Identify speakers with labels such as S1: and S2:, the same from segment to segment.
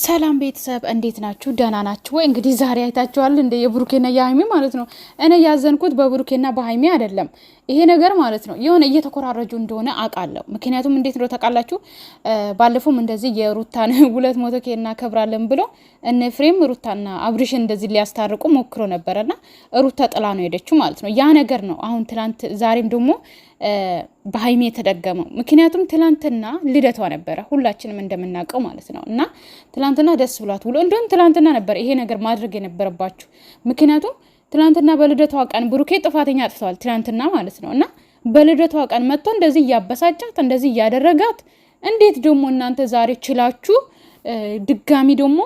S1: ሰላም ቤተሰብ እንዴት ናችሁ? ደህና ናችሁ ወይ? እንግዲህ ዛሬ አይታችኋል እንደ የብሩኬና የሀይሚ ማለት ነው። እኔ ያዘንኩት በብሩኬና በሀይሚ አይደለም፣ ይሄ ነገር ማለት ነው የሆነ እየተኮራረጁ እንደሆነ አውቃለሁ። ምክንያቱም እንዴት ነው ታውቃላችሁ፣ ባለፉም እንደዚህ የሩታን ሁለት መቶ ኬ እናከብራለን ብሎ እነ ፍሬም ሩታና አብሪሽን እንደዚህ ሊያስታርቁ ሞክሮ ነበረና ሩታ ጥላ ነው ሄደችው ማለት ነው። ያ ነገር ነው አሁን ትላንት ዛሬም ደግሞ በሀይሚ የተደገመው። ምክንያቱም ትላንትና ልደቷ ነበረ ሁላችንም እንደምናውቀው ማለት ነው። እና ትላንትና ደስ ብሏት ውሎ እንዲሁም ትላንትና ነበረ ይሄ ነገር ማድረግ የነበረባችሁ። ምክንያቱም ትላንትና በልደቷ ቀን ብሩኬ ጥፋተኛ አጥፍተዋል፣ ትላንትና ማለት ነው። እና በልደቷ ቀን መጥቶ እንደዚህ እያበሳጫት እንደዚህ እያደረጋት እንዴት ደግሞ እናንተ ዛሬ ችላችሁ ድጋሚ ደግሞ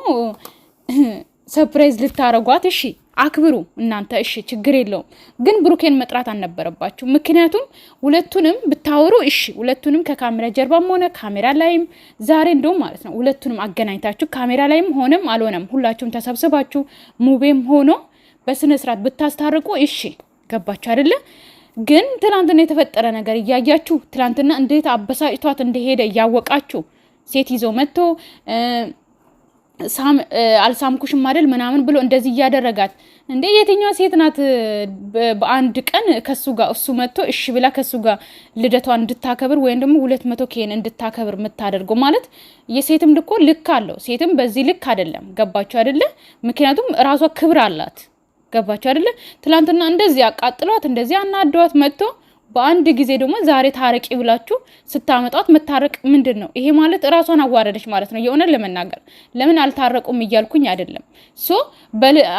S1: ሰርፕራይዝ ልታረጓት እሺ፣ አክብሩ እናንተ እሺ፣ ችግር የለውም። ግን ብሩኬን መጥራት አልነበረባችሁ። ምክንያቱም ሁለቱንም ብታወሩ እሺ፣ ሁለቱንም ከካሜራ ጀርባም ሆነ ካሜራ ላይም ዛሬ እንደውም ማለት ነው ሁለቱንም አገናኝታችሁ ካሜራ ላይም ሆነም አልሆነም ሁላችሁም ተሰብስባችሁ ሙቤም ሆኖ በስነ ስርዓት ብታስታርቁ እሺ። ገባችሁ አይደለ? ግን ትናንትና የተፈጠረ ነገር እያያችሁ ትናንትና እንዴት አበሳጭቷት እንደሄደ እያወቃችሁ ሴት ይዞ መጥቶ አልሳምኩሽም አይደል ምናምን ብሎ እንደዚህ እያደረጋት እንዴ የትኛው ሴት ናት በአንድ ቀን ከሱ ጋር እሱ መጥቶ እሺ ብላ ከሱ ጋር ልደቷን እንድታከብር ወይም ደግሞ ሁለት መቶ ኬን እንድታከብር የምታደርገው? ማለት የሴትም ልኮ ልክ አለው፣ ሴትም በዚህ ልክ አይደለም። ገባቸው አይደለ? ምክንያቱም እራሷ ክብር አላት። ገባቸው አይደለ? ትላንትና እንደዚህ አቃጥሏት እንደዚህ አናደዋት መጥቶ በአንድ ጊዜ ደግሞ ዛሬ ታረቂ ብላችሁ ስታመጧት መታረቅ ምንድን ነው ይሄ? ማለት እራሷን አዋረደች ማለት ነው። የሆነ ለመናገር ለምን አልታረቁም እያልኩኝ አይደለም። ሶ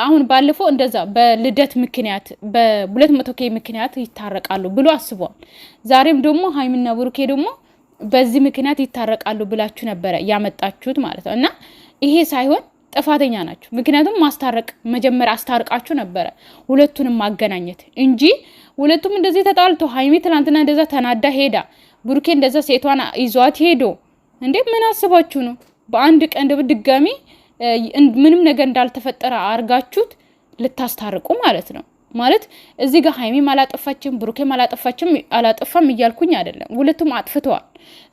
S1: አሁን ባለፈው እንደዛ በልደት ምክንያት በሁለት መቶ ኬ ምክንያት ይታረቃሉ ብሎ አስቧል። ዛሬም ደግሞ ሀይምና ብሩኬ ደግሞ በዚህ ምክንያት ይታረቃሉ ብላችሁ ነበረ ያመጣችሁት ማለት ነው እና ይሄ ሳይሆን ጥፋተኛ ናቸው። ምክንያቱም ማስታረቅ መጀመሪያ አስታርቃችሁ ነበረ ሁለቱንም ማገናኘት እንጂ ሁለቱም እንደዚህ ተጣልቶ ሀይሜ ትናንትና እንደዛ ተናዳ ሄዳ ብሩኬ እንደዛ ሴቷን ይዟት ሄዶ እንዴ ምን አስባችሁ ነው? በአንድ ቀን ደብ ድጋሚ ምንም ነገር እንዳልተፈጠረ አርጋችሁት ልታስታርቁ ማለት ነው። ማለት እዚህ ጋር ሀይሜም አላጠፋችም ብሩኬም አላጠፋችም አላጠፋም እያልኩኝ አይደለም። ሁለቱም አጥፍተዋል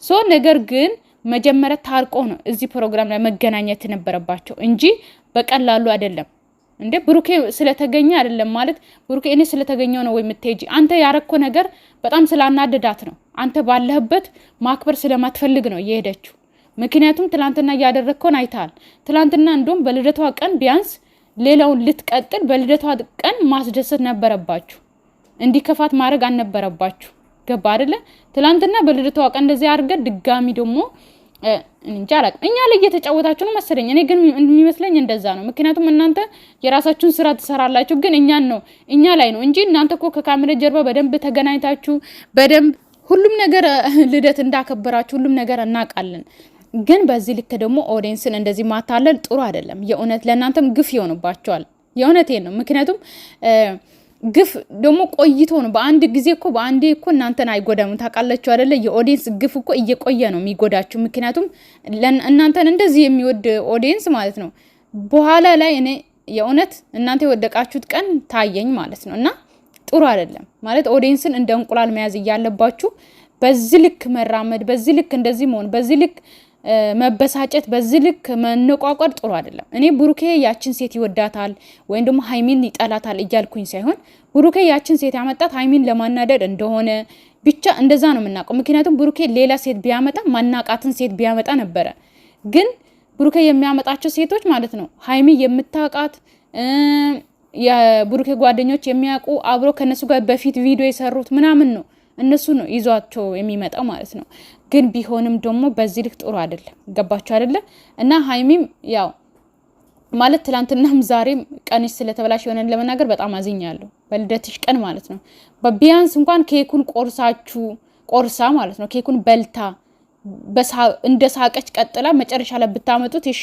S1: ሶ ነገር ግን መጀመሪያ ታርቆ ነው እዚህ ፕሮግራም ላይ መገናኘት የነበረባቸው እንጂ በቀላሉ አይደለም። እንደ ብሩኬ ስለተገኘ አይደለም ማለት ብሩኬ እኔ ስለተገኘው ነው ወይ የምትሄጂ? አንተ ያረኮ ነገር በጣም ስላናደዳት ነው። አንተ ባለህበት ማክበር ስለማትፈልግ ነው የሄደችው። ምክንያቱም ትላንትና እያደረግከውን አይተሃል። ትላንትና እንዲሁም በልደቷ ቀን ቢያንስ ሌላውን ልትቀጥል በልደቷ ቀን ማስደሰት ነበረባችሁ። እንዲከፋት ማድረግ አልነበረባችሁ። ገባ አይደለ? ትላንትና በልደቷ ቀን እንደዚህ አድርገህ ድጋሚ ደግሞ እንጃ አላውቅም። እኛ ላይ እየተጫወታችሁ ነው መሰለኝ። እኔ ግን የሚመስለኝ እንደዛ ነው። ምክንያቱም እናንተ የራሳችሁን ስራ ትሰራላችሁ፣ ግን እኛን ነው እኛ ላይ ነው እንጂ እናንተ እኮ ከካሜራ ጀርባ በደንብ ተገናኝታችሁ በደንብ ሁሉም ነገር ልደት እንዳከበራችሁ ሁሉም ነገር እናውቃለን። ግን በዚህ ልክ ደግሞ ኦዲየንስን እንደዚህ ማታለል ጥሩ አይደለም። የእውነት ለእናንተም ግፍ ይሆንባቸዋል። የእውነቴን ነው ምክንያቱም ግፍ ደግሞ ቆይቶ ነው። በአንድ ጊዜ እኮ በአንዴ እኮ እናንተን አይጎዳም። ታውቃላችሁ አደለ? የኦዲየንስ ግፍ እኮ እየቆየ ነው የሚጎዳችሁ። ምክንያቱም እናንተን እንደዚህ የሚወድ ኦዲየንስ ማለት ነው። በኋላ ላይ እኔ የእውነት እናንተ የወደቃችሁት ቀን ታየኝ ማለት ነው። እና ጥሩ አደለም ማለት ኦዲየንስን እንደ እንቁላል መያዝ እያለባችሁ በዚህ ልክ መራመድ፣ በዚህ ልክ እንደዚህ መሆን፣ በዚህ ልክ መበሳጨት በዚህ ልክ መነቋቋር ጥሩ አይደለም። እኔ ብሩኬ ያችን ሴት ይወዳታል ወይም ደግሞ ሀይሚን ይጠላታል እያልኩኝ ሳይሆን ብሩኬ ያችን ሴት ያመጣት ሀይሚን ለማናደድ እንደሆነ ብቻ እንደዛ ነው የምናውቀው። ምክንያቱም ብሩኬ ሌላ ሴት ቢያመጣ ማናቃትን ሴት ቢያመጣ ነበረ። ግን ብሩኬ የሚያመጣቸው ሴቶች ማለት ነው ሀይሚ የምታውቃት የብሩኬ ጓደኞች የሚያውቁ አብሮ ከነሱ ጋር በፊት ቪዲዮ የሰሩት ምናምን ነው እነሱ ነው ይዟቸው የሚመጣው ማለት ነው። ግን ቢሆንም ደግሞ በዚህ ልክ ጥሩ አይደለም። ገባቸው አይደለ? እና ሀይሚም ያው ማለት ትላንትናም ዛሬም ቀንሽ ስለተበላሽ የሆነን ለመናገር በጣም አዝኛለሁ። በልደትሽ ቀን ማለት ነው። በቢያንስ እንኳን ኬኩን ቆርሳችሁ ቆርሳ ማለት ነው ኬኩን በልታ እንደ ሳቀች ቀጥላ መጨረሻ ላይ ብታመጡት እሺ።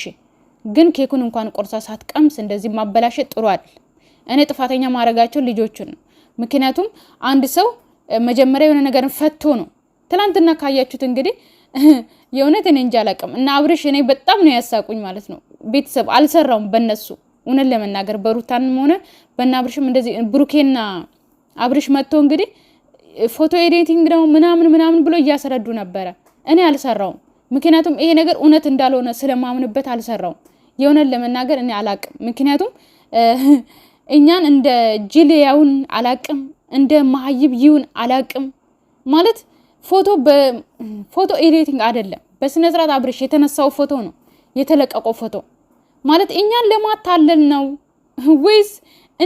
S1: ግን ኬኩን እንኳን ቆርሳ ሳትቀምስ እንደዚህ ማበላሸት ጥሩ አይደል። እኔ ጥፋተኛ ማድረጋቸው ልጆቹን ነው። ምክንያቱም አንድ ሰው መጀመሪያ የሆነ ነገርን ፈቶ ነው። ትላንትና ካያችሁት እንግዲህ የእውነት እኔ እንጃ አላቅም እና አብርሽ እኔ በጣም ነው ያሳቁኝ ማለት ነው። ቤተሰብ አልሰራውም በነሱ እውነት ለመናገር በሩታንም ሆነ በና አብርሽም እንደዚህ ብሩኬና አብርሽ መጥቶ እንግዲህ ፎቶ ኤዲቲንግ ነው ምናምን ምናምን ብሎ እያስረዱ ነበረ። እኔ አልሰራውም፣ ምክንያቱም ይሄ ነገር እውነት እንዳልሆነ ስለማምንበት አልሰራውም። የእውነት ለመናገር እኔ አላቅም፣ ምክንያቱም እኛን እንደ ጅልያውን አላቅም እንደ መሀይብ ይሁን አላቅም ማለት ፎቶ በፎቶ ኤዲቲንግ አይደለም፣ በስነ ስርዓት አብርሽ የተነሳው ፎቶ ነው የተለቀቀው ፎቶ ማለት እኛን ለማታለል ነው ወይስ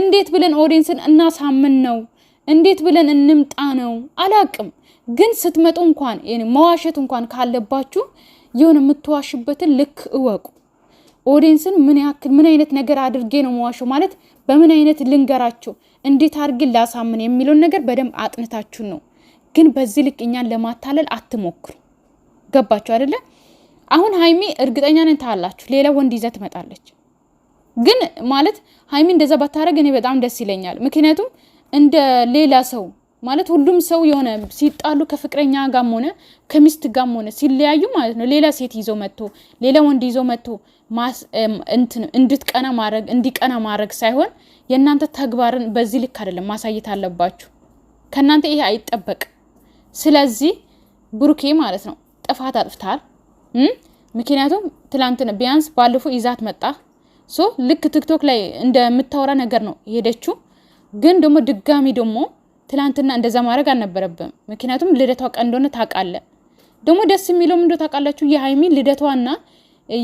S1: እንዴት ብለን ኦዲንስን እናሳምን ነው? እንዴት ብለን እንምጣ ነው? አላቅም። ግን ስትመጡ እንኳን መዋሸት እንኳን ካለባችሁ የሆነ የምትዋሽበትን ልክ እወቁ። ኦዲንስን ምን ያክል ምን አይነት ነገር አድርጌ ነው መዋሸው ማለት በምን አይነት ልንገራቸው፣ እንዴት አድርግን ላሳምን የሚለውን ነገር በደንብ አጥንታችሁን ነው። ግን በዚህ ልክ እኛን ለማታለል አትሞክሩ። ገባችሁ አይደለ? አሁን ሀይሚ እርግጠኛ ነን ታላችሁ ሌላ ወንድ ይዘ ትመጣለች። ግን ማለት ሀይሚ እንደዛ ባታደረግ እኔ በጣም ደስ ይለኛል። ምክንያቱም እንደ ሌላ ሰው ማለት ሁሉም ሰው የሆነ ሲጣሉ ከፍቅረኛ ጋም ሆነ ከሚስት ጋም ሆነ ሲለያዩ ማለት ነው ሌላ ሴት ይዞ መጥቶ ሌላ ወንድ ይዞ መጥቶ እንድትቀና ማድረግ እንዲቀና ማድረግ ሳይሆን የእናንተ ተግባርን በዚህ ልክ አይደለም ማሳየት አለባችሁ። ከእናንተ ይሄ አይጠበቅም። ስለዚህ ብሩኬ ማለት ነው ጥፋት አጥፍታል። ምክንያቱም ትላንትን ቢያንስ ባለፈው ይዛት መጣ። ሶ ልክ ቲክቶክ ላይ እንደምታወራ ነገር ነው የሄደችው። ግን ደግሞ ድጋሚ ደግሞ ትላንትና እንደዛ ማድረግ አልነበረብም። ምክንያቱም ልደቷ ቀን እንደሆነ ታውቃለ። ደግሞ ደስ የሚለው ምንዶ ታውቃላችሁ፣ የሀይሚን ልደቷና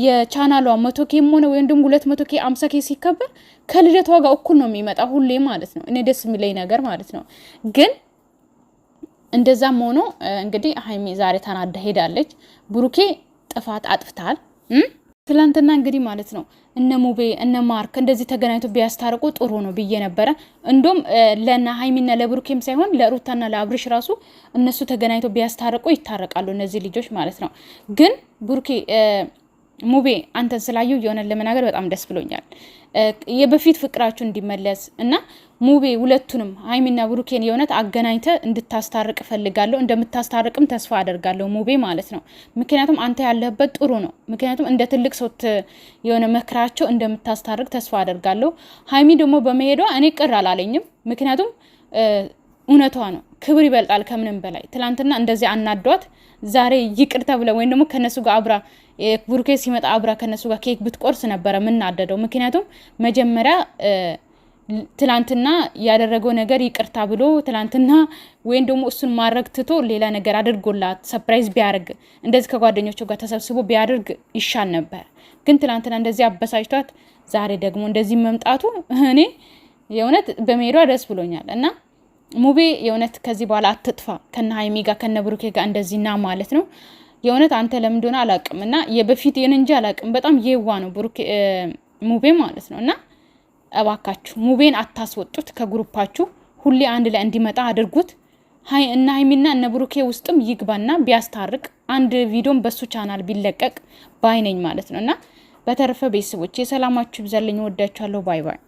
S1: የቻናሏ መቶ ኬ ሆነ ወይም ደግሞ ሁለት መቶ ኬ አምሳ ኬ ሲከበር ከልደቷ ጋር እኩል ነው የሚመጣ ሁሌ ማለት ነው። እኔ ደስ የሚለኝ ነገር ማለት ነው። ግን እንደዛም ሆኖ እንግዲህ ሀይሚ ዛሬ ተናዳ ሄዳለች። ብሩኬ ጥፋት አጥፍታል። ትላንትና እንግዲህ ማለት ነው እነ ሙቤ እነ ማርክ እንደዚህ ተገናኝቶ ቢያስታርቁ ጥሩ ነው ብዬ ነበረ። እንዲሁም ለና ሀይሚና ለብሩኬም ሳይሆን ለሩታና ለአብርሽ ራሱ እነሱ ተገናኝቶ ቢያስታርቁ ይታረቃሉ እነዚህ ልጆች ማለት ነው። ግን ብሩኬ ሙቤ አንተን ስላየው የሆነን ለመናገር በጣም ደስ ብሎኛል። የበፊት ፍቅራችሁ እንዲመለስ እና ሙቤ ሁለቱንም ሀይሚና ብሩኬን የእውነት አገናኝተ እንድታስታርቅ እፈልጋለሁ። እንደምታስታርቅም ተስፋ አደርጋለሁ ሙቤ ማለት ነው። ምክንያቱም አንተ ያለህበት ጥሩ ነው። ምክንያቱም እንደ ትልቅ ሰው የሆነ መክራቸው እንደምታስታርቅ ተስፋ አደርጋለሁ። ሀይሚ ደግሞ በመሄዷ እኔ ቅር አላለኝም። ምክንያቱም እውነቷ ነው። ክብር ይበልጣል ከምንም በላይ። ትናንትና እንደዚህ አናዷት ዛሬ ይቅር ተብለ ወይም ደግሞ ከእነሱ ጋር አብራ ብሩኬ ሲመጣ አብራ ከነሱ ጋር ኬክ ብትቆርስ ነበረ ምናደደው። ምክንያቱም መጀመሪያ ትላንትና ያደረገው ነገር ይቅርታ ብሎ ትላንትና ወይም ደግሞ እሱን ማድረግ ትቶ ሌላ ነገር አድርጎላት ሰፕራይዝ ቢያደርግ እንደዚህ ከጓደኞቹ ጋር ተሰብስቦ ቢያደርግ ይሻል ነበር። ግን ትላንትና እንደዚህ አበሳጭቷት ዛሬ ደግሞ እንደዚህ መምጣቱ እኔ የእውነት በመሄዷ ደስ ብሎኛል እና ሙቤ የእውነት ከዚህ በኋላ አትጥፋ ከነ ሀይሚ ጋር ከነ ብሩኬ ጋር እንደዚህና ማለት ነው። የእውነት አንተ ለምን እንደሆነ እና የበፊት ይህን እንጂ አላቅም። በጣም የዋ ነው ብሩክ ሙቤ ማለት ነው። እና እባካችሁ ሙቤን አታስወጡት ከግሩፓችሁ። ሁሌ አንድ ላይ እንዲመጣ አድርጉት። እነ ሀይሚና እነ ብሩኬ ውስጥም ይግባና ቢያስታርቅ አንድ ቪዲዮም በሱ ቻናል ቢለቀቅ ባይነኝ ማለት ነው። እና በተረፈ ቤተሰቦች የሰላማችሁ ይብዛልኝ። ወዳችኋለሁ። ባይ ባይ።